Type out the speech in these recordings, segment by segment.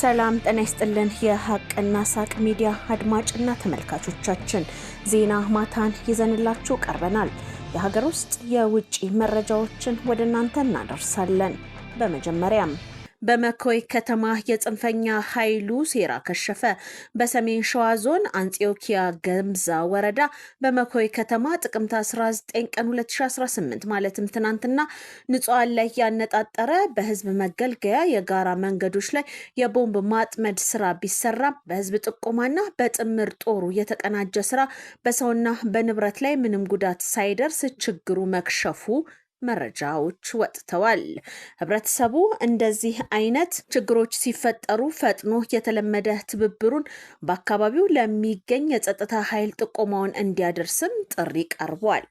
ሰላም ጤና ይስጥልን። የሀቅና ሳቅ ሚዲያ አድማጭና ተመልካቾቻችን ዜና ማታን ይዘንላችሁ ቀርበናል። የሀገር ውስጥ የውጭ መረጃዎችን ወደ እናንተ እናደርሳለን። በመጀመሪያም በመኮይ ከተማ የጽንፈኛ ኃይሉ ሴራ ከሸፈ። በሰሜን ሸዋ ዞን አንጾኪያ ገምዛ ወረዳ በመኮይ ከተማ ጥቅምት 19 ቀን 2018 ማለትም ትናንትና ንጹሐን ላይ ያነጣጠረ በህዝብ መገልገያ የጋራ መንገዶች ላይ የቦምብ ማጥመድ ስራ ቢሰራም በህዝብ ጥቆማና በጥምር ጦሩ የተቀናጀ ስራ በሰውና በንብረት ላይ ምንም ጉዳት ሳይደርስ ችግሩ መክሸፉ መረጃዎች ወጥተዋል። ህብረተሰቡ እንደዚህ አይነት ችግሮች ሲፈጠሩ ፈጥኖ የተለመደ ትብብሩን በአካባቢው ለሚገኝ የጸጥታ ኃይል ጥቆማውን እንዲያደርስም ጥሪ ቀርቧል።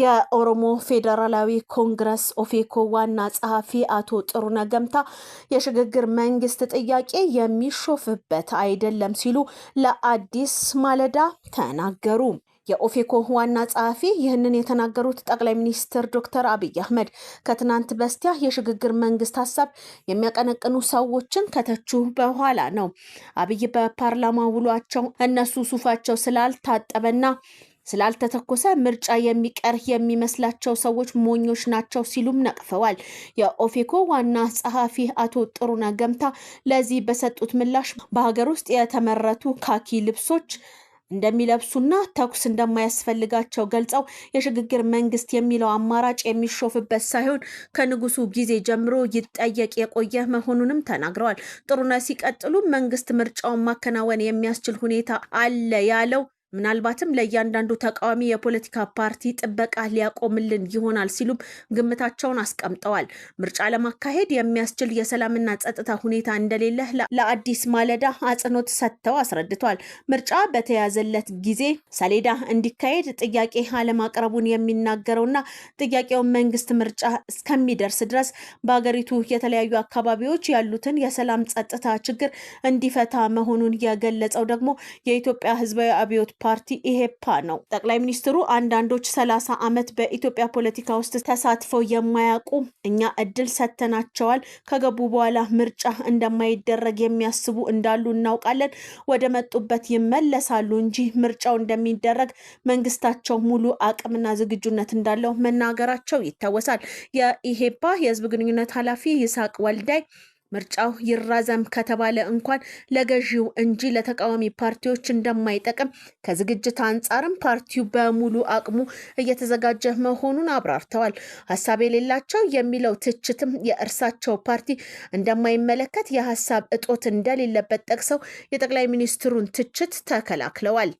የኦሮሞ ፌዴራላዊ ኮንግረስ ኦፌኮ ዋና ጸሐፊ አቶ ጥሩነ ገምታ የሽግግር መንግስት ጥያቄ የሚሾፍበት አይደለም ሲሉ ለአዲስ ማለዳ ተናገሩ። የኦፌኮ ዋና ጸሐፊ ይህንን የተናገሩት ጠቅላይ ሚኒስትር ዶክተር አብይ አህመድ ከትናንት በስቲያ የሽግግር መንግስት ሀሳብ የሚያቀነቅኑ ሰዎችን ከተቹ በኋላ ነው። አብይ በፓርላማ ውሏቸው እነሱ ሱፋቸው ስላልታጠበና ስላልተተኮሰ ምርጫ የሚቀር የሚመስላቸው ሰዎች ሞኞች ናቸው ሲሉም ነቅፈዋል። የኦፌኮ ዋና ጸሐፊ አቶ ጥሩነ ገምታ ለዚህ በሰጡት ምላሽ በሀገር ውስጥ የተመረቱ ካኪ ልብሶች እንደሚለብሱና ተኩስ እንደማያስፈልጋቸው ገልጸው የሽግግር መንግስት የሚለው አማራጭ የሚሾፍበት ሳይሆን ከንጉሱ ጊዜ ጀምሮ ይጠየቅ የቆየ መሆኑንም ተናግረዋል። ጥሩነ ሲቀጥሉ መንግስት ምርጫውን ማከናወን የሚያስችል ሁኔታ አለ ያለው ምናልባትም ለእያንዳንዱ ተቃዋሚ የፖለቲካ ፓርቲ ጥበቃ ሊያቆምልን ይሆናል ሲሉም ግምታቸውን አስቀምጠዋል። ምርጫ ለማካሄድ የሚያስችል የሰላምና ጸጥታ ሁኔታ እንደሌለ ለአዲስ ማለዳ አጽንኦት ሰጥተው አስረድቷል። ምርጫ በተያዘለት ጊዜ ሰሌዳ እንዲካሄድ ጥያቄ አለማቅረቡን የሚናገረውና ጥያቄውን መንግስት ምርጫ እስከሚደርስ ድረስ በሀገሪቱ የተለያዩ አካባቢዎች ያሉትን የሰላም ጸጥታ ችግር እንዲፈታ መሆኑን የገለጸው ደግሞ የኢትዮጵያ ህዝባዊ አብዮት ፓርቲ ኢሄፓ ነው። ጠቅላይ ሚኒስትሩ አንዳንዶች ሰላሳ ዓመት በኢትዮጵያ ፖለቲካ ውስጥ ተሳትፈው የማያውቁ እኛ እድል ሰተናቸዋል ከገቡ በኋላ ምርጫ እንደማይደረግ የሚያስቡ እንዳሉ እናውቃለን። ወደ መጡበት ይመለሳሉ እንጂ ምርጫው እንደሚደረግ መንግስታቸው ሙሉ አቅምና ዝግጁነት እንዳለው መናገራቸው ይታወሳል። የኢሄፓ የህዝብ ግንኙነት ኃላፊ ይስሐቅ ወልዳይ ምርጫው ይራዘም ከተባለ እንኳን ለገዢው እንጂ ለተቃዋሚ ፓርቲዎች እንደማይጠቅም ከዝግጅት አንጻርም ፓርቲው በሙሉ አቅሙ እየተዘጋጀ መሆኑን አብራርተዋል። ሀሳብ የሌላቸው የሚለው ትችትም የእርሳቸው ፓርቲ እንደማይመለከት የሀሳብ እጦት እንደሌለበት ጠቅሰው የጠቅላይ ሚኒስትሩን ትችት ተከላክለዋል።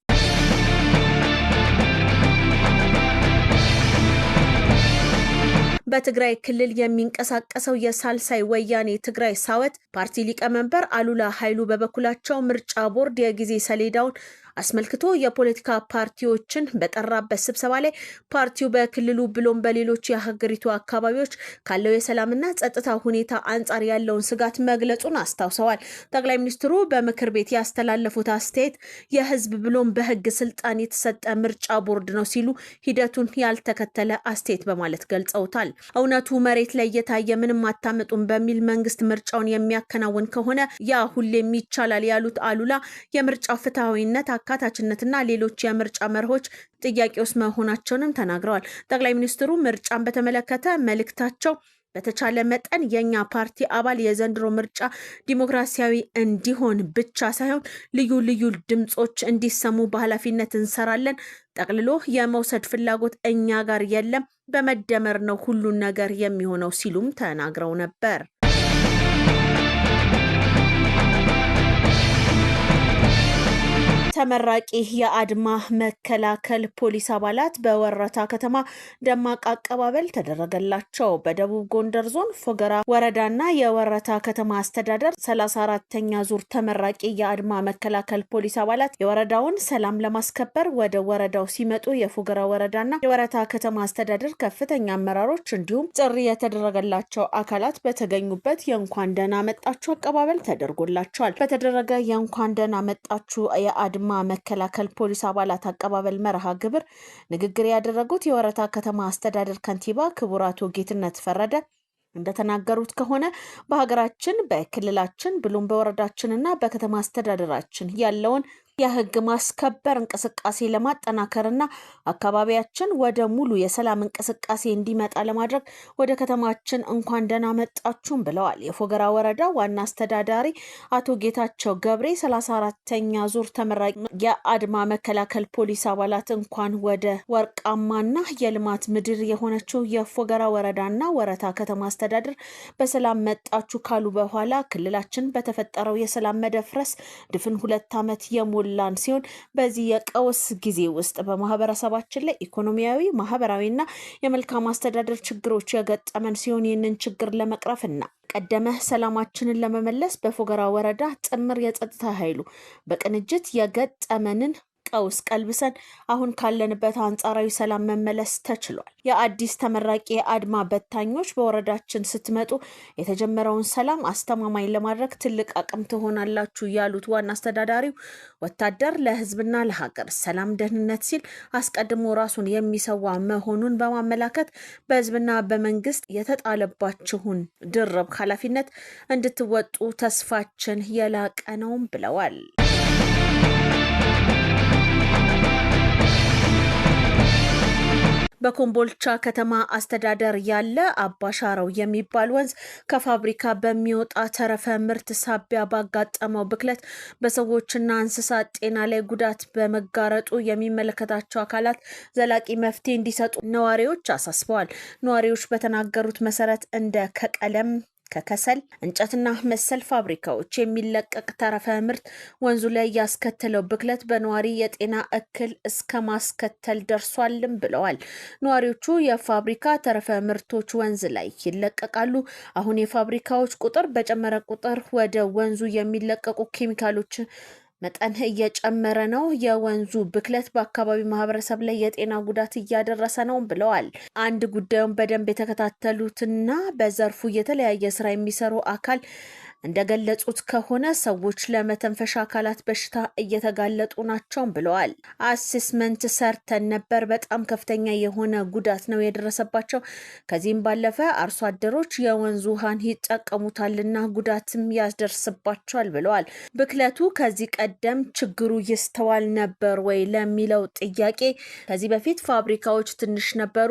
በትግራይ ክልል የሚንቀሳቀሰው የሳልሳይ ወያኔ ትግራይ ሳወት ፓርቲ ሊቀመንበር አሉላ ኃይሉ በበኩላቸው ምርጫ ቦርድ የጊዜ ሰሌዳውን አስመልክቶ የፖለቲካ ፓርቲዎችን በጠራበት ስብሰባ ላይ ፓርቲው በክልሉ ብሎም በሌሎች የሀገሪቱ አካባቢዎች ካለው የሰላምና ጸጥታ ሁኔታ አንጻር ያለውን ስጋት መግለጹን አስታውሰዋል። ጠቅላይ ሚኒስትሩ በምክር ቤት ያስተላለፉት አስተያየት የህዝብ ብሎም በህግ ስልጣን የተሰጠ ምርጫ ቦርድ ነው ሲሉ ሂደቱን ያልተከተለ አስተያየት በማለት ገልጸውታል። እውነቱ መሬት ላይ እየታየ ምንም አታመጡም በሚል መንግስት ምርጫውን የሚያከናውን ከሆነ ያ ሁሌም ይቻላል ያሉት አሉላ የምርጫው ፍትሐዊነት አካታችነትና ሌሎች የምርጫ መርሆች ጥያቄ ውስጥ መሆናቸውንም ተናግረዋል። ጠቅላይ ሚኒስትሩ ምርጫን በተመለከተ መልእክታቸው በተቻለ መጠን የእኛ ፓርቲ አባል የዘንድሮ ምርጫ ዲሞክራሲያዊ እንዲሆን ብቻ ሳይሆን ልዩ ልዩ ድምፆች እንዲሰሙ በኃላፊነት እንሰራለን። ጠቅልሎ የመውሰድ ፍላጎት እኛ ጋር የለም። በመደመር ነው ሁሉን ነገር የሚሆነው ሲሉም ተናግረው ነበር። ተመራቂ የአድማ መከላከል ፖሊስ አባላት በወረታ ከተማ ደማቅ አቀባበል ተደረገላቸው። በደቡብ ጎንደር ዞን ፎገራ ወረዳና የወረታ ከተማ አስተዳደር ሰላሳ አራተኛ ዙር ተመራቂ የአድማ መከላከል ፖሊስ አባላት የወረዳውን ሰላም ለማስከበር ወደ ወረዳው ሲመጡ የፎገራ ወረዳና የወረታ ከተማ አስተዳደር ከፍተኛ አመራሮች እንዲሁም ጥሪ የተደረገላቸው አካላት በተገኙበት የእንኳን ደህና መጣችሁ አቀባበል ተደርጎላቸዋል። በተደረገ የእንኳን ደህና መጣችሁ የአድማ ከተማ መከላከል ፖሊስ አባላት አቀባበል መርሃ ግብር ንግግር ያደረጉት የወረታ ከተማ አስተዳደር ከንቲባ ክቡር አቶ ጌትነት ፈረደ እንደተናገሩት ከሆነ በሀገራችን በክልላችን ብሎም በወረዳችንና በከተማ አስተዳደራችን ያለውን የህግ ማስከበር እንቅስቃሴ ለማጠናከርና አካባቢያችን ወደ ሙሉ የሰላም እንቅስቃሴ እንዲመጣ ለማድረግ ወደ ከተማችን እንኳን ደህና መጣችሁም ብለዋል። የፎገራ ወረዳ ዋና አስተዳዳሪ አቶ ጌታቸው ገብሬ ሰላሳ አራተኛ ዙር ተመራቂ የአድማ መከላከል ፖሊስ አባላት እንኳን ወደ ወርቃማና የልማት ምድር የሆነችው የፎገራ ወረዳና ወረታ ከተማ አስተዳደር በሰላም መጣችሁ ካሉ በኋላ ክልላችን በተፈጠረው የሰላም መደፍረስ ድፍን ሁለት ዓመት የሞላ የተሞላን ሲሆን በዚህ የቀውስ ጊዜ ውስጥ በማህበረሰባችን ላይ ኢኮኖሚያዊ፣ ማህበራዊና የመልካም አስተዳደር ችግሮች የገጠመን ሲሆን ይህንን ችግር ለመቅረፍና ቀደመ ሰላማችንን ለመመለስ በፎገራ ወረዳ ጥምር የጸጥታ ኃይሉ በቅንጅት የገጠመንን ቀውስ ቀልብሰን አሁን ካለንበት አንጻራዊ ሰላም መመለስ ተችሏል። የአዲስ ተመራቂ የአድማ በታኞች በወረዳችን ስትመጡ የተጀመረውን ሰላም አስተማማኝ ለማድረግ ትልቅ አቅም ትሆናላችሁ ያሉት ዋና አስተዳዳሪው ወታደር ለሕዝብና ለሀገር ሰላም ደህንነት ሲል አስቀድሞ ራሱን የሚሰዋ መሆኑን በማመላከት በሕዝብና በመንግስት የተጣለባችሁን ድርብ ኃላፊነት እንድትወጡ ተስፋችን የላቀ ነውም ብለዋል። በኮምቦልቻ ከተማ አስተዳደር ያለ አባሻረው የሚባል ወንዝ ከፋብሪካ በሚወጣ ተረፈ ምርት ሳቢያ ባጋጠመው ብክለት በሰዎችና እንስሳት ጤና ላይ ጉዳት በመጋረጡ የሚመለከታቸው አካላት ዘላቂ መፍትሄ እንዲሰጡ ነዋሪዎች አሳስበዋል። ነዋሪዎች በተናገሩት መሰረት እንደ ከቀለም ከከሰል እንጨትና መሰል ፋብሪካዎች የሚለቀቅ ተረፈ ምርት ወንዙ ላይ ያስከተለው ብክለት በነዋሪ የጤና እክል እስከ ማስከተል ደርሷልም ብለዋል። ነዋሪዎቹ የፋብሪካ ተረፈ ምርቶች ወንዝ ላይ ይለቀቃሉ። አሁን የፋብሪካዎች ቁጥር በጨመረ ቁጥር ወደ ወንዙ የሚለቀቁ ኬሚካሎች መጠን እየጨመረ ነው። የወንዙ ብክለት በአካባቢ ማህበረሰብ ላይ የጤና ጉዳት እያደረሰ ነው ብለዋል። አንድ ጉዳዩን በደንብ የተከታተሉትና በዘርፉ የተለያየ ስራ የሚሰሩ አካል እንደገለጹት ከሆነ ሰዎች ለመተንፈሻ አካላት በሽታ እየተጋለጡ ናቸውም ብለዋል። አሴስመንት ሰርተን ነበር። በጣም ከፍተኛ የሆነ ጉዳት ነው የደረሰባቸው። ከዚህም ባለፈ አርሶ አደሮች የወንዝ ውሃን ይጠቀሙታልና ጉዳትም ያስደርስባቸዋል ብለዋል። ብክለቱ ከዚህ ቀደም ችግሩ ይስተዋል ነበር ወይ ለሚለው ጥያቄ ከዚህ በፊት ፋብሪካዎች ትንሽ ነበሩ።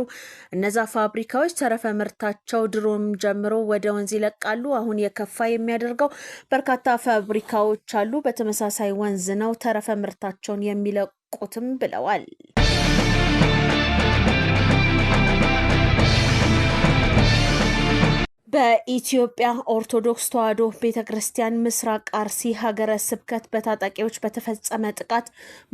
እነዛ ፋብሪካዎች ተረፈ ምርታቸው ድሮም ጀምሮ ወደ ወንዝ ይለቃሉ። አሁን የከፋ የሚያ የሚያደርገው በርካታ ፋብሪካዎች አሉ። በተመሳሳይ ወንዝ ነው ተረፈ ምርታቸውን የሚለቁትም ብለዋል። በኢትዮጵያ ኦርቶዶክስ ተዋሕዶ ቤተ ክርስቲያን ምስራቅ አርሲ ሀገረ ስብከት በታጣቂዎች በተፈጸመ ጥቃት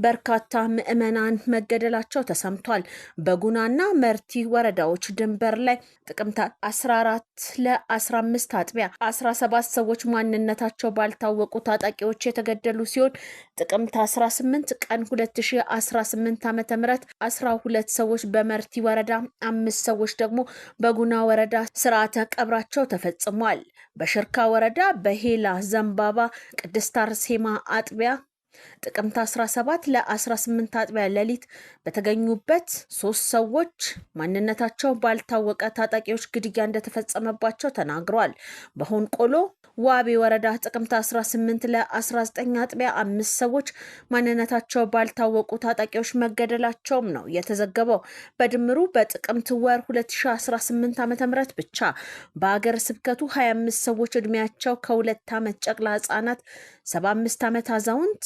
በርካታ ምዕመናን መገደላቸው ተሰምቷል። በጉናና መርቲ ወረዳዎች ድንበር ላይ ጥቅምት 14 ለ15 አጥቢያ 17 ሰዎች ማንነታቸው ባልታወቁ ታጣቂዎች የተገደሉ ሲሆን ጥቅምት 18 ቀን 2018 ዓ ም 12 ሰዎች በመርቲ ወረዳ፣ አምስት ሰዎች ደግሞ በጉና ወረዳ ስርዓተ ቀብራ በመኖራቸው ተፈጽሟል። በሽርካ ወረዳ በሄላ ዘንባባ ቅድስት አርሴማ አጥቢያ ጥቅምት 17 ለ18 አጥቢያ ሌሊት በተገኙበት ሶስት ሰዎች ማንነታቸው ባልታወቀ ታጣቂዎች ግድያ እንደተፈጸመባቸው ተናግረዋል። በሆንቆሎ ዋቢ ወረዳ ጥቅምት 18 ለ19 አጥቢያ አምስት ሰዎች ማንነታቸው ባልታወቁ ታጣቂዎች መገደላቸውም ነው የተዘገበው። በድምሩ በጥቅምት ወር 2018 ዓ ም ብቻ በአገር ስብከቱ 25 ሰዎች እድሜያቸው ከሁለት ዓመት ጨቅላ ህጻናት 75 ዓመት አዛውንት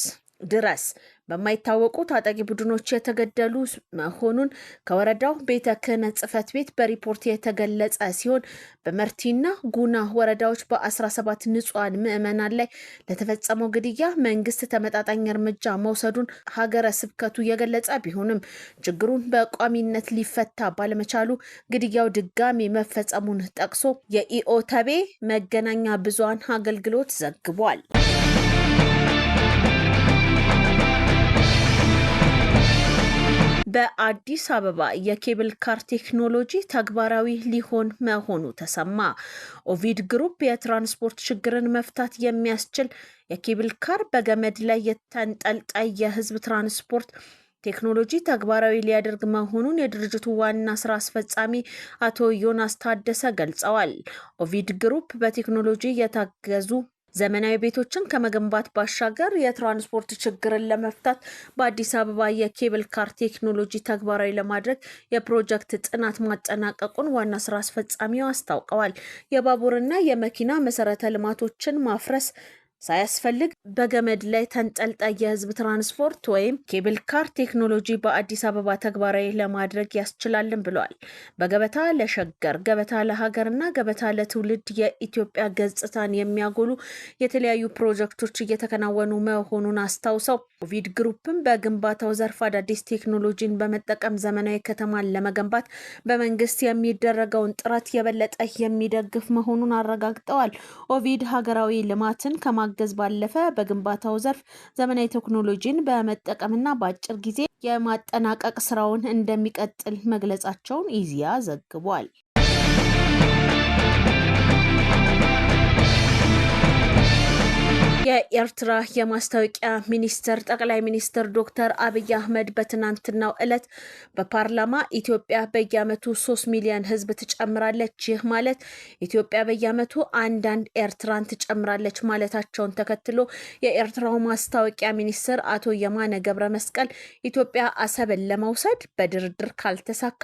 ድረስ በማይታወቁ ታጣቂ ቡድኖች የተገደሉ መሆኑን ከወረዳው ቤተ ክህነት ጽሕፈት ቤት በሪፖርት የተገለጸ ሲሆን በመርቲና ጉና ወረዳዎች በ17 ንጹሐን ምዕመናን ላይ ለተፈጸመው ግድያ መንግስት ተመጣጣኝ እርምጃ መውሰዱን ሀገረ ስብከቱ የገለጸ ቢሆንም ችግሩን በቋሚነት ሊፈታ ባለመቻሉ ግድያው ድጋሜ መፈጸሙን ጠቅሶ የኢኦተቤ መገናኛ ብዙሃን አገልግሎት ዘግቧል። በአዲስ አበባ የኬብል ካር ቴክኖሎጂ ተግባራዊ ሊሆን መሆኑ ተሰማ። ኦቪድ ግሩፕ የትራንስፖርት ችግርን መፍታት የሚያስችል የኬብል ካር በገመድ ላይ የተንጠልጣይ የህዝብ ትራንስፖርት ቴክኖሎጂ ተግባራዊ ሊያደርግ መሆኑን የድርጅቱ ዋና ስራ አስፈጻሚ አቶ ዮናስ ታደሰ ገልጸዋል። ኦቪድ ግሩፕ በቴክኖሎጂ የታገዙ ዘመናዊ ቤቶችን ከመገንባት ባሻገር የትራንስፖርት ችግርን ለመፍታት በአዲስ አበባ የኬብል ካር ቴክኖሎጂ ተግባራዊ ለማድረግ የፕሮጀክት ጥናት ማጠናቀቁን ዋና ስራ አስፈጻሚው አስታውቀዋል። የባቡርና የመኪና መሰረተ ልማቶችን ማፍረስ ሳያስፈልግ በገመድ ላይ ተንጠልጣይ የህዝብ ትራንስፖርት ወይም ኬብል ካር ቴክኖሎጂ በአዲስ አበባ ተግባራዊ ለማድረግ ያስችላልን ብለዋል። በገበታ ለሸገር፣ ገበታ ለሀገርና ገበታ ለትውልድ የኢትዮጵያ ገጽታን የሚያጎሉ የተለያዩ ፕሮጀክቶች እየተከናወኑ መሆኑን አስታውሰው ኮቪድ ግሩፕን በግንባታው ዘርፍ አዳዲስ ቴክኖሎጂን በመጠቀም ዘመናዊ ከተማን ለመገንባት በመንግስት የሚደረገውን ጥረት የበለጠ የሚደግፍ መሆኑን አረጋግጠዋል። ኦቪድ ሀገራዊ ልማትን ከማ ከማገዝ ባለፈ በግንባታው ዘርፍ ዘመናዊ ቴክኖሎጂን በመጠቀምና በአጭር ጊዜ የማጠናቀቅ ስራውን እንደሚቀጥል መግለጻቸውን ኢዜአ ዘግቧል። የኤርትራ የማስታወቂያ ሚኒስትር ጠቅላይ ሚኒስትር ዶክተር አብይ አህመድ በትናንትናው ዕለት በፓርላማ ኢትዮጵያ በየዓመቱ ሶስት ሚሊዮን ሕዝብ ትጨምራለች፣ ይህ ማለት ኢትዮጵያ በየዓመቱ አንዳንድ ኤርትራን ትጨምራለች ማለታቸውን ተከትሎ የኤርትራው ማስታወቂያ ሚኒስትር አቶ የማነ ገብረ መስቀል ኢትዮጵያ አሰብን ለመውሰድ በድርድር ካልተሳካ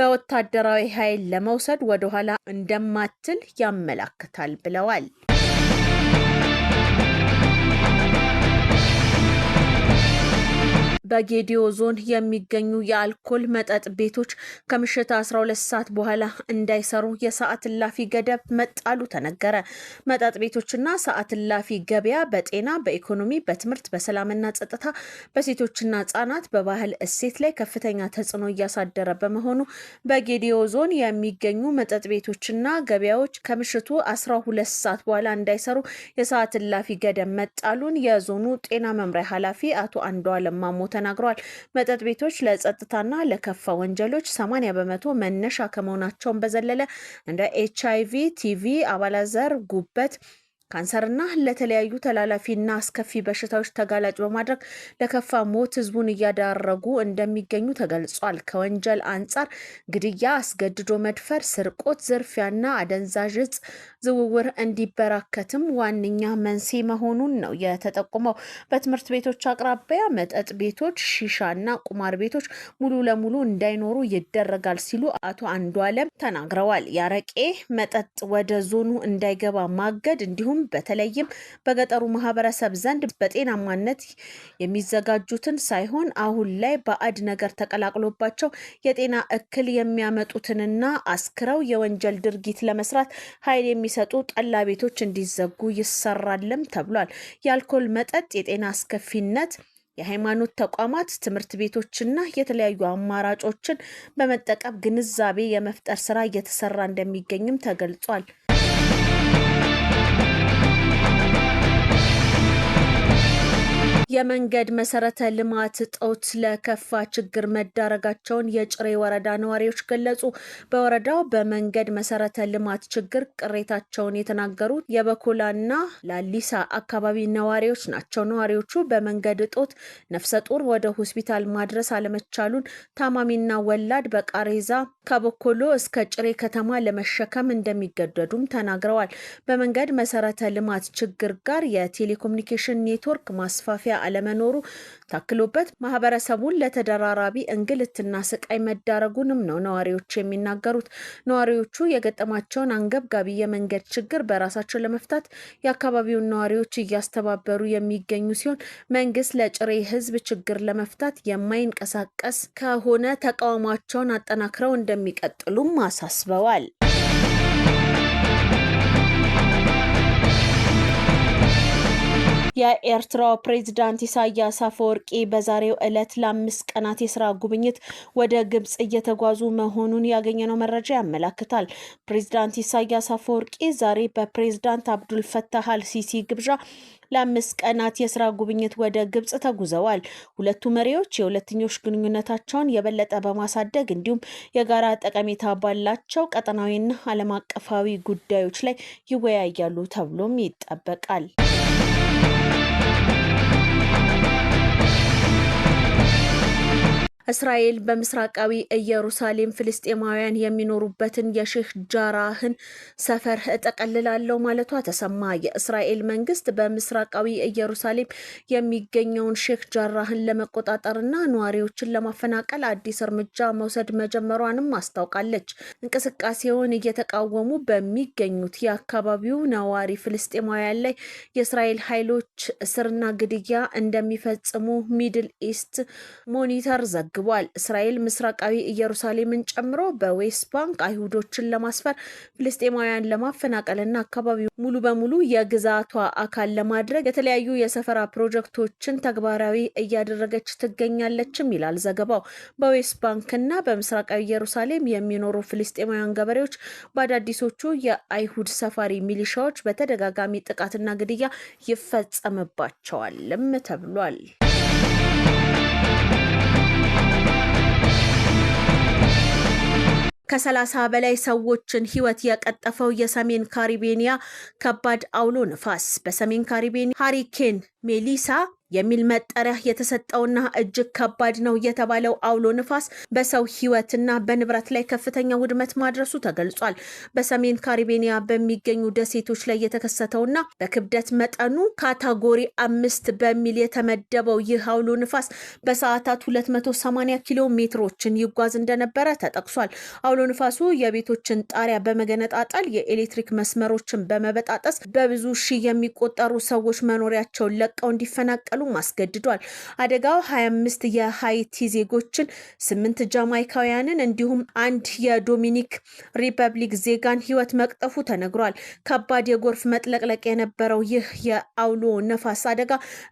በወታደራዊ ኃይል ለመውሰድ ወደኋላ እንደማትል ያመላክታል ብለዋል። በጌዲዮ ዞን የሚገኙ የአልኮል መጠጥ ቤቶች ከምሽት 12 ሰዓት በኋላ እንዳይሰሩ የሰዓት እላፊ ገደብ መጣሉ ተነገረ። መጠጥ ቤቶችና ሰዓት እላፊ ገበያ በጤና፣ በኢኮኖሚ፣ በትምህርት፣ በሰላምና ጸጥታ፣ በሴቶችና ህጻናት፣ በባህል እሴት ላይ ከፍተኛ ተጽዕኖ እያሳደረ በመሆኑ በጌዲዮ ዞን የሚገኙ መጠጥ ቤቶችና ገበያዎች ከምሽቱ 12 ሰዓት በኋላ እንዳይሰሩ የሰዓት እላፊ ገደብ መጣሉን የዞኑ ጤና መምሪያ ኃላፊ አቶ አንዷለም ማሞ ተናግረዋል። መጠጥ ቤቶች ለጸጥታና ለከፋ ወንጀሎች 80 በመቶ መነሻ ከመሆናቸውን በዘለለ እንደ ኤች አይ ቪ፣ ቲቪ፣ አባላዘር፣ ጉበት ካንሰርና ለተለያዩ ተላላፊና አስከፊ በሽታዎች ተጋላጭ በማድረግ ለከፋ ሞት ህዝቡን እያዳረጉ እንደሚገኙ ተገልጿል። ከወንጀል አንጻር ግድያ፣ አስገድዶ መድፈር፣ ስርቆት፣ ዝርፊያና አደንዛዥ እጽ ዝውውር እንዲበራከትም ዋነኛ መንስኤ መሆኑን ነው የተጠቁመው። በትምህርት ቤቶች አቅራቢያ መጠጥ ቤቶች፣ ሺሻና ቁማር ቤቶች ሙሉ ለሙሉ እንዳይኖሩ ይደረጋል ሲሉ አቶ አለም ተናግረዋል። ያረቄ መጠጥ ወደ ዞኑ እንዳይገባ ማገድ እንዲሁም እንዲሁም በተለይም በገጠሩ ማህበረሰብ ዘንድ በጤናማነት የሚዘጋጁትን ሳይሆን አሁን ላይ ባዕድ ነገር ተቀላቅሎባቸው የጤና እክል የሚያመጡትንና አስክረው የወንጀል ድርጊት ለመስራት ኃይል የሚሰጡ ጠላ ቤቶች እንዲዘጉ ይሰራልም ተብሏል። የአልኮል መጠጥ የጤና አስከፊነት የሃይማኖት ተቋማት፣ ትምህርት ቤቶችና የተለያዩ አማራጮችን በመጠቀም ግንዛቤ የመፍጠር ስራ እየተሰራ እንደሚገኝም ተገልጿል። የመንገድ መሰረተ ልማት እጦት ለከፋ ችግር መዳረጋቸውን የጭሬ ወረዳ ነዋሪዎች ገለጹ። በወረዳው በመንገድ መሰረተ ልማት ችግር ቅሬታቸውን የተናገሩ የበኮላና ላሊሳ አካባቢ ነዋሪዎች ናቸው። ነዋሪዎቹ በመንገድ እጦት ነፍሰ ጡር ወደ ሆስፒታል ማድረስ አለመቻሉን፣ ታማሚና ወላድ በቃሬዛ ከበኮሎ እስከ ጭሬ ከተማ ለመሸከም እንደሚገደዱም ተናግረዋል። በመንገድ መሰረተ ልማት ችግር ጋር የቴሌኮሙኒኬሽን ኔትወርክ ማስፋፊያ አለመኖሩ ታክሎበት ማህበረሰቡን ለተደራራቢ እንግልትና ስቃይ መዳረጉንም ነው ነዋሪዎች የሚናገሩት። ነዋሪዎቹ የገጠማቸውን አንገብጋቢ የመንገድ ችግር በራሳቸው ለመፍታት የአካባቢውን ነዋሪዎች እያስተባበሩ የሚገኙ ሲሆን መንግስት ለጭሬ ህዝብ ችግር ለመፍታት የማይንቀሳቀስ ከሆነ ተቃውሟቸውን አጠናክረው እንደሚቀጥሉም አሳስበዋል። የኤርትራው ፕሬዚዳንት ኢሳያስ አፈወርቂ በዛሬው ዕለት ለአምስት ቀናት የስራ ጉብኝት ወደ ግብጽ እየተጓዙ መሆኑን ያገኘነው መረጃ ያመላክታል። ፕሬዚዳንት ኢሳያስ አፈወርቂ ዛሬ በፕሬዚዳንት አብዱልፈታህ አልሲሲ ግብዣ ለአምስት ቀናት የስራ ጉብኝት ወደ ግብጽ ተጉዘዋል። ሁለቱ መሪዎች የሁለትዮሽ ግንኙነታቸውን የበለጠ በማሳደግ እንዲሁም የጋራ ጠቀሜታ ባላቸው ቀጠናዊና ዓለም አቀፋዊ ጉዳዮች ላይ ይወያያሉ ተብሎም ይጠበቃል። እስራኤል በምስራቃዊ ኢየሩሳሌም ፍልስጤማውያን የሚኖሩበትን የሼህ ጃራህን ሰፈር እጠቀልላለሁ ማለቷ ተሰማ። የእስራኤል መንግስት በምስራቃዊ ኢየሩሳሌም የሚገኘውን ሼህ ጃራህን ለመቆጣጠርና ነዋሪዎችን ለማፈናቀል አዲስ እርምጃ መውሰድ መጀመሯንም አስታውቃለች። እንቅስቃሴውን እየተቃወሙ በሚገኙት የአካባቢው ነዋሪ ፍልስጤማውያን ላይ የእስራኤል ኃይሎች እስርና ግድያ እንደሚፈጽሙ ሚድል ኢስት ሞኒተር ዘግ ዘግቧል። እስራኤል ምስራቃዊ ኢየሩሳሌምን ጨምሮ በዌስት ባንክ አይሁዶችን ለማስፈር ፍልስጤማውያን ለማፈናቀልና አካባቢው ሙሉ በሙሉ የግዛቷ አካል ለማድረግ የተለያዩ የሰፈራ ፕሮጀክቶችን ተግባራዊ እያደረገች ትገኛለችም ይላል ዘገባው። በዌስት ባንክና በምስራቃዊ ኢየሩሳሌም የሚኖሩ ፍልስጤማውያን ገበሬዎች በአዳዲሶቹ የአይሁድ ሰፋሪ ሚሊሻዎች በተደጋጋሚ ጥቃትና ግድያ ይፈጸምባቸዋልም ተብሏል። ከሰላሳ በላይ ሰዎችን ህይወት የቀጠፈው የሰሜን ካሪቤኒያ ከባድ አውሎ ንፋስ በሰሜን ካሪቤኒያ ሃሪኬን ሜሊሳ የሚል መጠሪያ የተሰጠውና እጅግ ከባድ ነው የተባለው አውሎ ንፋስ በሰው ህይወትና በንብረት ላይ ከፍተኛ ውድመት ማድረሱ ተገልጿል። በሰሜን ካሪቤኒያ በሚገኙ ደሴቶች ላይ የተከሰተውና በክብደት መጠኑ ካታጎሪ አምስት በሚል የተመደበው ይህ አውሎ ንፋስ በሰዓታት 280 ኪሎ ሜትሮችን ይጓዝ እንደነበረ ተጠቅሷል። አውሎ ንፋሱ የቤቶችን ጣሪያ በመገነጣጠል የኤሌክትሪክ መስመሮችን በመበጣጠስ በብዙ ሺህ የሚቆጠሩ ሰዎች መኖሪያቸውን ለቀው እንዲፈናቀሉ እንዲቀበሉም አስገድዷል። አደጋው 25 የሃይቲ ዜጎችን፣ ስምንት ጃማይካውያንን እንዲሁም አንድ የዶሚኒክ ሪፐብሊክ ዜጋን ሕይወት መቅጠፉ ተነግሯል። ከባድ የጎርፍ መጥለቅለቅ የነበረው ይህ የአውሎ ነፋስ አደጋ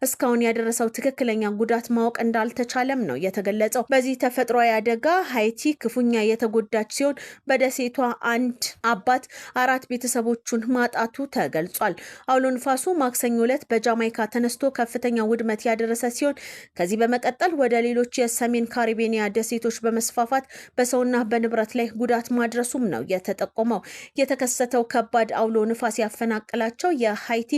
እስካሁን ያደረሰው ትክክለኛ ጉዳት ማወቅ እንዳልተቻለም ነው የተገለጸው። በዚህ ተፈጥሯዊ አደጋ ሃይቲ ክፉኛ የተጎዳች ሲሆን በደሴቷ አንድ አባት አራት ቤተሰቦቹን ማጣቱ ተገልጿል። አውሎ ንፋሱ ማክሰኞ ዕለት በጃማይካ ተነስቶ ከፍተኛ ውድ ውድመት ያደረሰ ሲሆን ከዚህ በመቀጠል ወደ ሌሎች የሰሜን ካሪቤኒያ ደሴቶች በመስፋፋት በሰውና በንብረት ላይ ጉዳት ማድረሱም ነው የተጠቆመው። የተከሰተው ከባድ አውሎ ንፋስ ያፈናቀላቸው የሀይቲ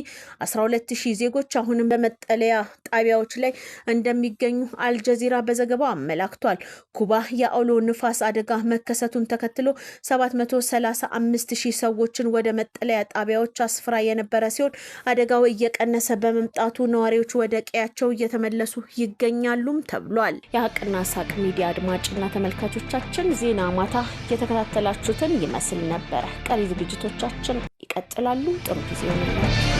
12 ሺህ ዜጎች አሁንም በመጠለያ ጣቢያዎች ላይ እንደሚገኙ አልጀዚራ በዘገባው አመላክቷል። ኩባ የአውሎ ንፋስ አደጋ መከሰቱን ተከትሎ 735 ሺህ ሰዎችን ወደ መጠለያ ጣቢያዎች አስፍራ የነበረ ሲሆን አደጋው እየቀነሰ በመምጣቱ ነዋሪዎች ወደ ቀያቸው እየተመለሱ ይገኛሉም ተብሏል። የሀቅና ሳቅ ሚዲያ አድማጭና ተመልካቾቻችን ዜና ማታ እየተከታተላችሁትን ይመስል ነበረ። ቀሪ ዝግጅቶቻችን ይቀጥላሉ። ጥሩ ጊዜ ሆንላችሁ።